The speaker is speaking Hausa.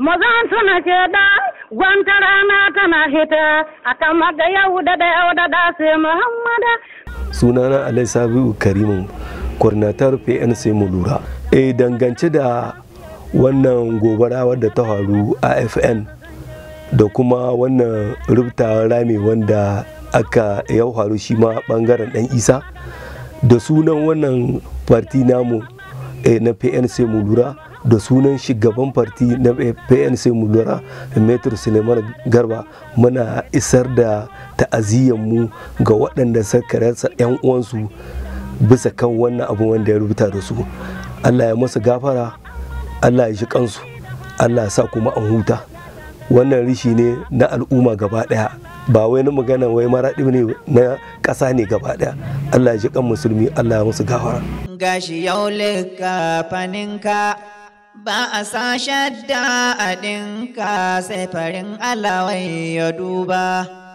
mazan suna ke da gwanta rana tana hita a kan maga yau da da yau da da sai muhammada sunana alai sabiu karimu kwarnatar pnc lura e dangance da wannan gobara wadda ta faru afn da kuma wannan rubuta rami wanda aka ya faru shi ma bangaren dan isa da sunan wannan farti namu eh, na pnc lura da sunan shugaban farti na pnc da metro suleiman garba muna isar da ta'aziyyar mu ga waɗanda suka rasa 'yan uwansu bisa kan wannan abu wanda ya rubuta da su allah ya masu gafara allah ya shi kansu allah ya sa kuma an huta wannan rishi ne na al'umma gaba daya ba wai na magana wai maraɗi ne na ƙasa ne gaba daya Allah ya ji kan musulmi Allah ya masu gafara gashi yau faninka ba a sa shadda a ɗinka sai farin wai ya duba